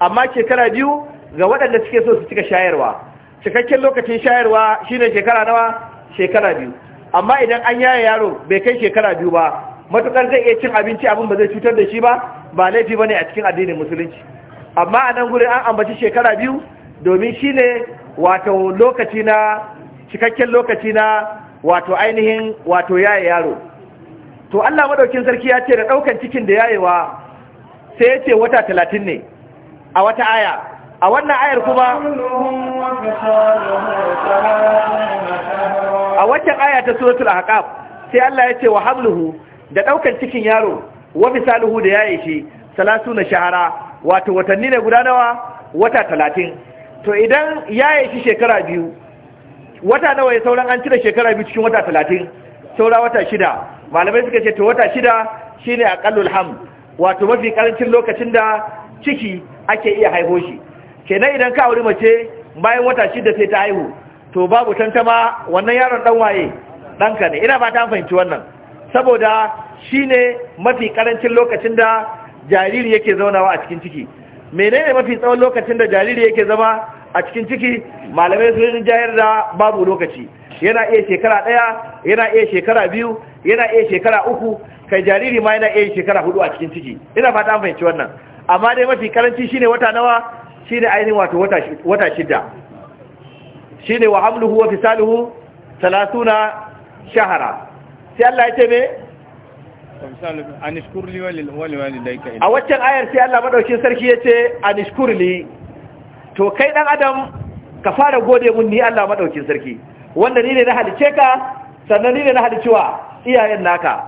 amma shekara biyu ga waɗanda suke so su cika shayarwa cikakken lokacin shayarwa shine shekara nawa shekara biyu amma idan an yaya yaro bai kai shekara biyu ba matukar zai iya cin abinci abin ba zai cutar da shi ba ba laifi ba ne a cikin addinin musulunci amma a nan gurin an ambaci shekara biyu domin shine wato lokaci na cikakken lokaci na wato ainihin wato yaya yaro to Allah madaukin sarki ya ce da daukan cikin da yayewa sai ya ce wata talatin ne a wata aya a wannan ayar kuma a wata aya ta suratul ahqaf sai Allah ya ce wa habluhu da daukan cikin yaro wa misaluhu da yayi shi salasu na shahara wato watanni ne guda nawa wata talatin to idan yayi shi shekara biyu wata nawa ya sauran an cire shekara biyu cikin wata talatin saura wata shida malamai suka ce to wata shida shine aqallul ham wato mafi karancin lokacin da ciki ake iya haihu shi kenan idan ka auri mace bayan wata shida sai ta haihu to babu tantama wannan yaron dan waye danka ne ina ba ta fahimci wannan saboda shine mafi karancin lokacin da jariri yake zaunawa a cikin ciki menene mafi tsawon lokacin da jariri yake zama a cikin ciki malamai sun jayar da babu lokaci yana iya shekara ɗaya yana iya shekara biyu yana iya shekara uku kai jariri ma yana iya shekara hudu a cikin ciki ina fata an fahimci wannan amma dai mafi karanci shine wata nawa shine ainihin wato wata shida shine wa hamluhu wa fisaluhu 30 shahara sai Allah ya ce me a waccan ayar sai Allah madaukin sarki ya ce anishkurli to kai dan adam ka fara gode mun ni Allah madaukin sarki wanda ni ne na halice ka sannan ni ne na halicewa iyayen naka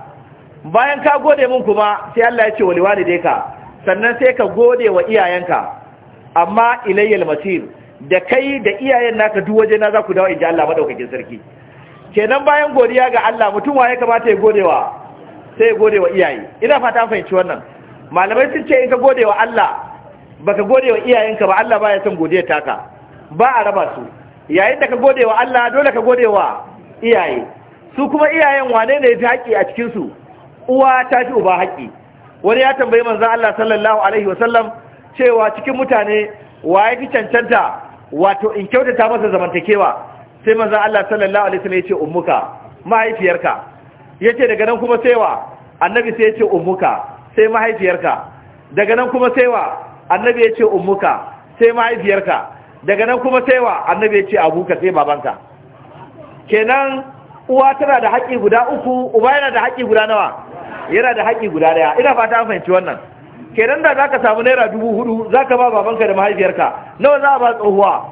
bayan ka gode mun kuma sai Allah ya ce dai ka sannan sai ka gode wa iyayenka amma ilayyal masir da kai da iyayen naka duk waje na za ku dawo inji Allah madaukakin sarki kenan bayan godiya ga Allah mutum waye kamata ya gode wa, sai ya gode wa iyaye ina fata an fahimci wannan malamai sun ce in ka gode wa Allah baka wa iyayenka ba Allah baya son godiyar taka ba a raba su yayin da ka wa Allah dole ka gode wa iyaye su kuma iyayen wane ne ta haƙi a cikin su uwa ta fi uba haƙi wani ya tambayi manzan Allah sallallahu alaihi wasallam cewa cikin mutane wa ya fi cancanta wato in kyautata masa zamantakewa sai manzan Allah sallallahu alaihi wasallam ya ce umuka mahaifiyarka Ya ce daga nan kuma saiwa annabi sai ya ce umuka sai mahaifiyarka daga nan kuma saiwa annabi ya ce umuka sai mahaifiyarka daga nan kuma saiwa annabi ya ce abuka sai babanka kenan uwa tana da haƙƙi guda uku uba yana da haƙƙi guda nawa yana da haƙƙi guda daya ina fata an fahimci wannan kenan da zaka samu naira dubu hudu zaka ba babanka da mahaifiyarka nawa za a ba tsohuwa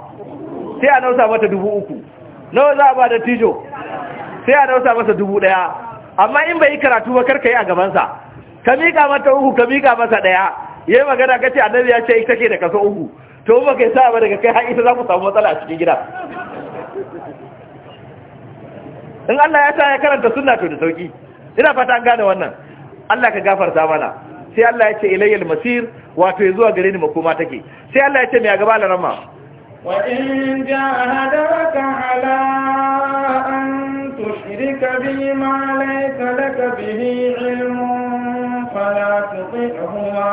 sai a nausa mata dubu uku nawa za a ba da tijo sai a nausa masa dubu daya amma in bai yi karatu ba karka yi a gabansa ka miƙa mata uku ka miƙa masa daya yayi magana ka ce annabi ya ce ita ke da kaso uku to ba kai sa ba daga kai har ita za ku samu matsala a cikin gida in Allah ya sa ya karanta sunna to da sauki ina fata an gane wannan Allah ka gafarta mana sai Allah ya ce ilayyal masir wato zuwa gare ni makoma take sai Allah ya ce me a gaba ma. wa in jahadaka ala an tushrika bi ma laysa laka bihi ilmun fala tuti'huma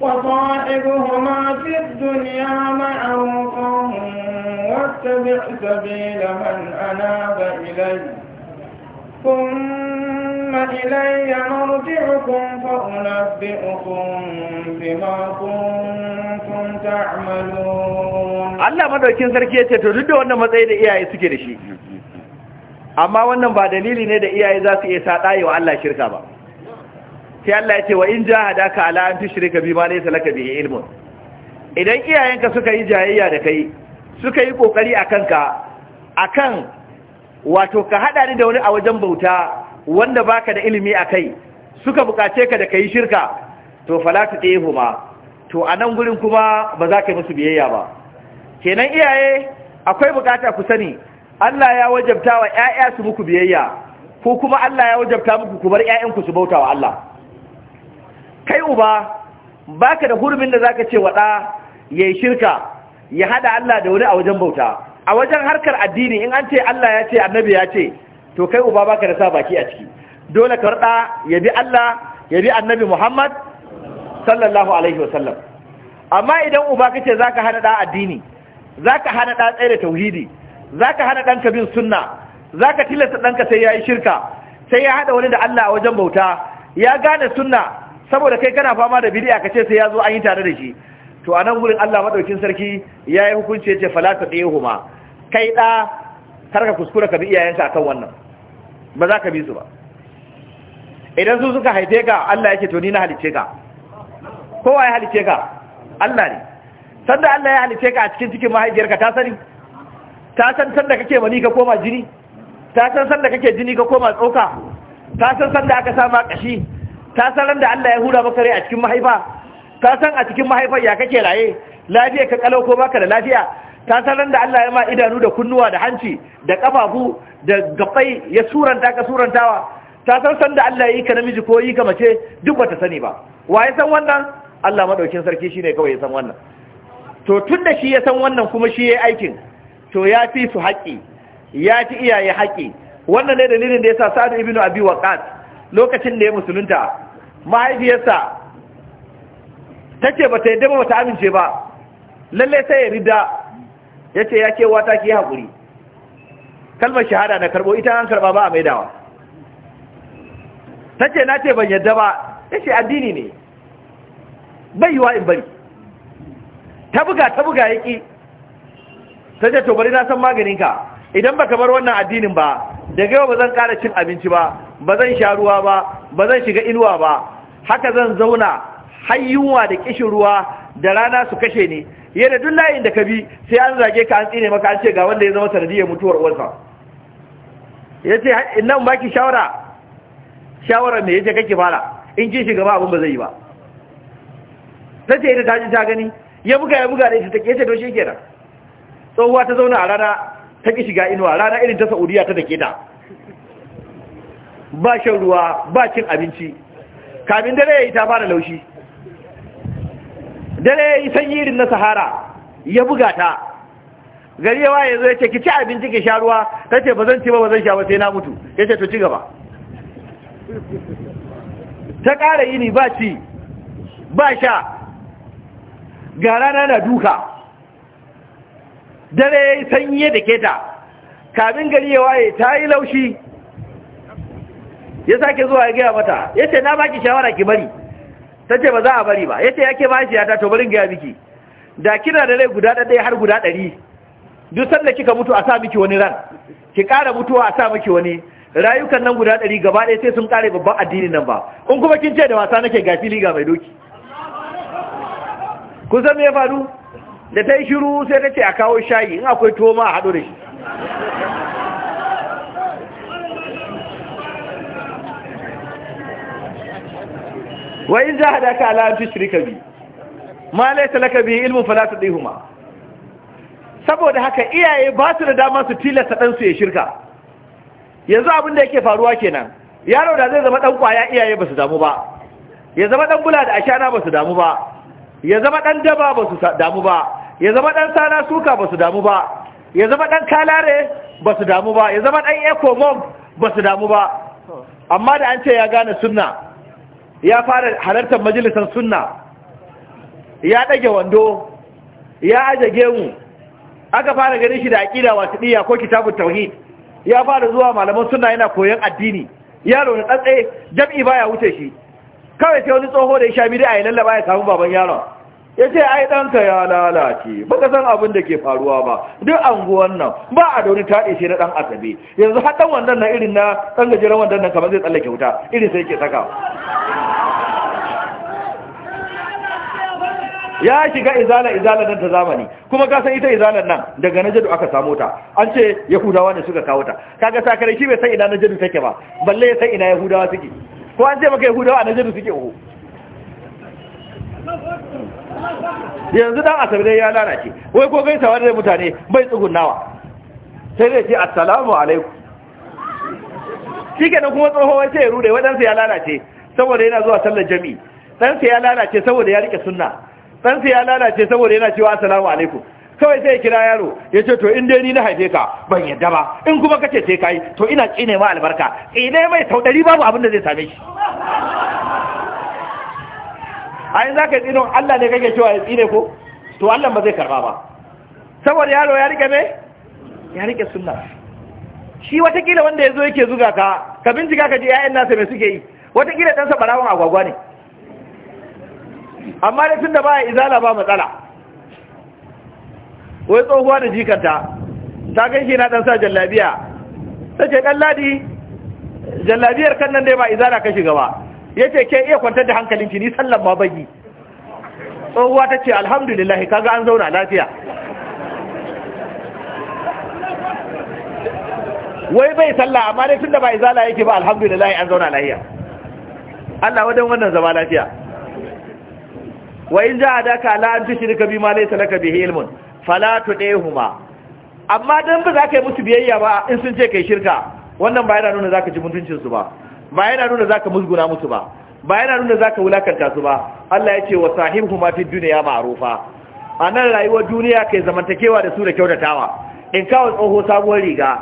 وصاحبهما في الدنيا معروفا واتبع سبيل من أناب إليه ثم إلي مرجعكم فأنبئكم بما كنتم تعملون Allah madaukin sarki yace to duk da wannan matsayi da iyaye suke da shi amma wannan ba dalili ne da iyaye za su iya sadaye wa Allah shirka ba sai Allah ya ce, wa in jahadaka ala an tushrika ma laysa laka bihi ilmun idan iyayenka suka yi jayayya da kai suka yi kokari akan ka akan wato ka haɗa ni da wani a wajen bauta wanda baka da ilimi a kai suka buƙace ka da ka yi shirka to falatu yi ma to a nan gurin kuma ba za ka yi musu biyayya ba kenan iyaye akwai buƙata ku sani Allah ya wajabta wa ‘ya'ya su muku biyayya ko kuma Allah ya wajabta muku kubar bar ku su bauta wa Allah kai uba baka da hurumin da zaka ce waɗa ya shirka ya haɗa Allah da wani a wajen bauta a wajen harkar addini in an ce Allah ya ce annabi ya ce to kai uba baka da sa baki a ciki dole ka rada ya bi Allah ya bi annabi Muhammad sallallahu alaihi wasallam amma idan uba kace zaka hana da addini zaka hana da tsaye da tauhidi zaka hana danka bin sunna zaka tilasta danka sai yayi shirka sai ya hada wani da Allah a wajen bauta ya gane sunna saboda kai kana fama da bid'a kace sai ya zo an yi tare da shi to anan gurin Allah madaukin sarki yayi hukunci yace fala ta huma kai da karka kuskura ka bi iyayenka akan wannan ba za ka bi su ba idan su suka haife ka Allah yake to ni na halice ka kowa ya halice ka Allah ne sanda Allah ya halice ka a cikin cikin mahaifiyarka ta sani ta san sanda kake mani ka koma jini ta san sanda kake jini ka koma tsoka ta san sanda aka sama kashi ta san ran da Allah ya hura maka rai a cikin mahaifa ta san a cikin mahaifar ya kake raye lafiya ka kalau ko baka da lafiya ta sanar da Allah ya ma idanu da kunnuwa da hanci da kafafu da gabai ya suranta ka surantawa ta san san da Allah ya yi ka namiji ko yi ka mace duk bata sani ba wa ya san wannan Allah madaukin sarki shine kawai ya san wannan to tunda shi ya san wannan kuma shi yayi aikin to ya fi su haƙi ya fi iyaye haƙi wannan ne dalilin da yasa Sa'd ibn Abi Waqqas lokacin da ya musulunta mahaifiyarsa tace bata yadda ba ta amince ba lalle sai ya rida ya ce ya ce wata ki haƙuri kalmar shahada na karɓo ita an karɓa ba a maidawa ta ce na ce ban yadda ba ya ce addini ne bai wa in bari ta buga ta buga ya ƙi ta ce to bari na san maganin ka idan ba bar wannan addinin ba daga yau ba zan ƙara cin abinci ba ba zan sha ruwa ba ba zan shiga inuwa ba haka zan zauna har da kishin ruwa da rana su kashe ni yana duk layin da ka bi sai an zage ka an tsine maka an ce ga wanda ya zama sanadiyar mutuwar uwansa. ya ce nan baki shawara shawara mai ya ce kake fara in ki shiga ba abin ba zai yi ba ta ce ita ta ji ta gani ya buga ya buga da ita ta ke ce doshi kenan tsohuwa ta zauna a rana ta ki shiga inuwa rana irin ta saudiya ta take ta ba shan ruwa ba cin abinci kamin dare ya yi ta fara laushi dare ya yi sanyi irin na sahara ya buga ta gari yawa ya zo ya ce ki ci abinci ki sha ruwa ta ce ba zan ci ba ba zan sha ba sai na mutu ya ce to ci gaba ta ƙara yini ba ci ba sha ga rana na duka dare ya yi sanyi da keta kamin gari yawa ya ta yi laushi ya sake zuwa ya gaya mata ya ce na baki shawara ki bari ta ce ba za a bari ba ya ce yake mahaifiya ta to barin gaya da kina da rai guda ɗaya har guda ɗari duk sanda kika mutu a sa miki wani ran ki ƙara mutuwa a sa miki wani rayukan nan guda ɗari gaba ɗaya sai sun ƙare babban addinin nan ba in kuma kin ce da wasa nake ga fili ga mai doki kun san me ya faru da ta yi shiru sai ta ce a kawo shayi in akwai tuwo ma a haɗo da shi Wai in jahadaka ala an tushrika bi ma laysa laka bihi ilmun fala saboda haka iyaye ba su da dama su tilasta dan su ya shirka yanzu abin da yake faruwa kenan yaro da zai zama dan kwaya iyaye ba su damu ba ya zama dan bula da ashana ba su damu ba ya zama dan daba ba su damu ba ya zama dan sana suka ba su damu ba ya zama dan kalare ba su damu ba ya zama dan ekomom ba su damu ba amma da an ce ya gane sunna ya fara halartar majalisar sunna ya ɗage wando ya aje gemu aka fara ganin shi da aƙida wasu ɗiya ko kitabun tauhid ya fara zuwa malaman sunna yana koyon addini yaro na tsatse jam'i baya wuce shi kawai sai wani tsoho da ya sha bidi a yi lallaba ya samu baban yaron ya ce ai ɗanka ya lalace ba ka san abin da ke faruwa ba duk anguwan nan ba a dauni taɗe shi na ɗan asabe yanzu haɗan wannan na irin na ɗan gajeren wannan na kamar zai tsallake wuta irin sai ke saka ya shiga izala izala nan ta zamani kuma ka san ita izalan nan daga najadu aka samu ta an ce yahudawa ne suka kawo ta kaga sakare shi bai san ina najadu take ba balle ya san ina yahudawa suke ko an ce maka yahudawa a najadu suke oho yanzu dan asabi dai ya lalace wai ko gaisawa da mutane bai tsugunnawa sai dai ce assalamu alaikum shikenan kuma tsoho wai sai ya rude wadansa ya lalace saboda yana zuwa sallar jami'i ɗansa ya lalace saboda ya rike sunna ɗansa ya lalace saboda yana cewa assalamu alaikum kawai sai ya kira yaro ya ce to in ni na haife ka ban yadda ba in kuma kace sai kai to ina tsine ma albarka tsine mai sau ɗari babu abin da zai same shi a yin za ka tsino Allah ne kake cewa ya tsine ko to Allah ba zai karba ba saboda yaro ya rike me ya rike sunna shi watakila wanda ya zo yake zuga ka ka bincika ka ji 'ya'yan nasa mai suke yi dan ɗansa barawon agwagwa ne amma da tun da ba izala ba matsala wai tsohuwa da jikanta ta kai shi na ɗansa jallabiya ta ce ɗan ladi jallabiyar kan nan dai ba izala ka shiga ba ya ce ke iya kwantar da hankalinki ni sallan ma bagi tsohuwa ta ce alhamdulillah kaga an zauna lafiya wai bai sallah amma dai tun da ba izala yake ba alhamdulillah an zauna lafiya Allah wadan wannan zama lafiya wa in jahadaka la an bi bima laysa laka bihi ilmun fala tudehuma amma dan ba za ka yi musu biyayya ba in sun ce kai shirka wannan ba yana nuna za ka ji mutuncin su ba ba yana nuna za ka musguna musu ba ba yana nuna za ka wulakanta su ba Allah ya ce wa sahibhuma fid dunya ma'rufa anan rayuwar duniya kai zamantakewa da su da kyautatawa in kawo tsoho sabuwar riga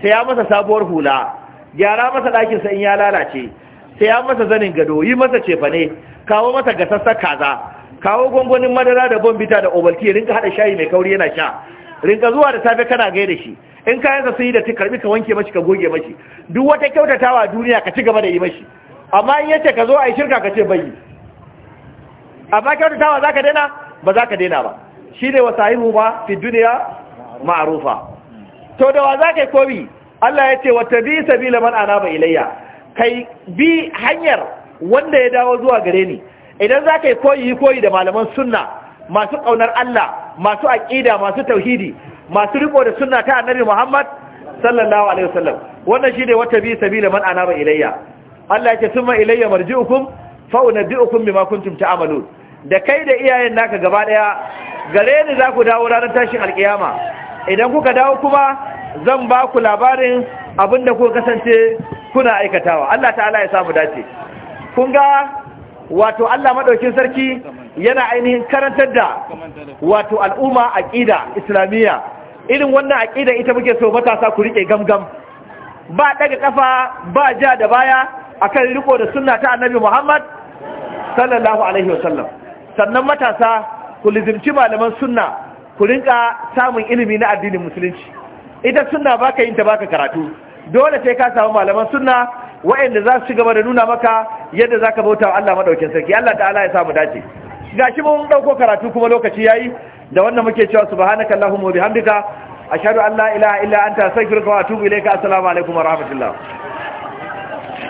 sai ya masa sabuwar hula gyara masa ɗakinsa in ya lalace sai ya masa zanin gado yi masa cefane kawo masa gasassa kaza kawo gwangwanin madara da bombita da obalti rinka hada shayi mai kauri yana sha rinka zuwa da safe kana da shi in kayansa sun yi da karbi ka wanke mashi ka goge mashi duk wata kyautatawa a duniya ka ci gaba da yi mashi amma in yace ka zo a yi shirka ka ce bai amma kyautatawa za ka daina ba za ka daina ba shi ne wa ba fi duniya ma'arufa to da wa za yi kobi Allah ya ce wata bi sabila man ana ba ilayya kai bi hanyar wanda ya dawo zuwa gare ni idan za ka yi koyi koyi da malaman sunna masu ƙaunar Allah masu aƙida masu tauhidi masu riko da sunna ta annabi Muhammad sallallahu alaihi wasallam wannan shine wata bi sabila man anaba ilayya Allah yake summa ilayya marji'ukum fa unabbi'ukum bima kuntum ta'malun da kai da iyayen naka gaba daya gare ni za ku dawo ranar tashin alkiyama idan kuka dawo kuma zan ba ku labarin abinda kuka kasance kuna aikatawa Allah ta'ala ya samu dace kun ga wato Allah maɗaukin sarki yana ainihin karantar da wato al'umma ƙida islamiyya irin wannan ƙida ita muke so matasa ku riƙe gamgam ba ɗaga kafa ba ja da baya akan riko da sunna ta annabi Muhammad sallallahu alaihi wasallam sannan matasa ku lizimci malaman sunna ku rinka samun ilimi na addinin musulunci ita sunna baka yin ta baka karatu dole sai ka samu malaman sunna waɗanda za su gaba da nuna maka yadda za ka bauta Allah maɗaukin sarki Allah ta'ala ya samu dace gashi mun ɗauko karatu kuma lokaci yayi da wannan muke cewa subhanaka allahumma wa bihamdika ashhadu an la ila illa ta sai wa tubu ilaika assalamu alaikum wa rahmatullah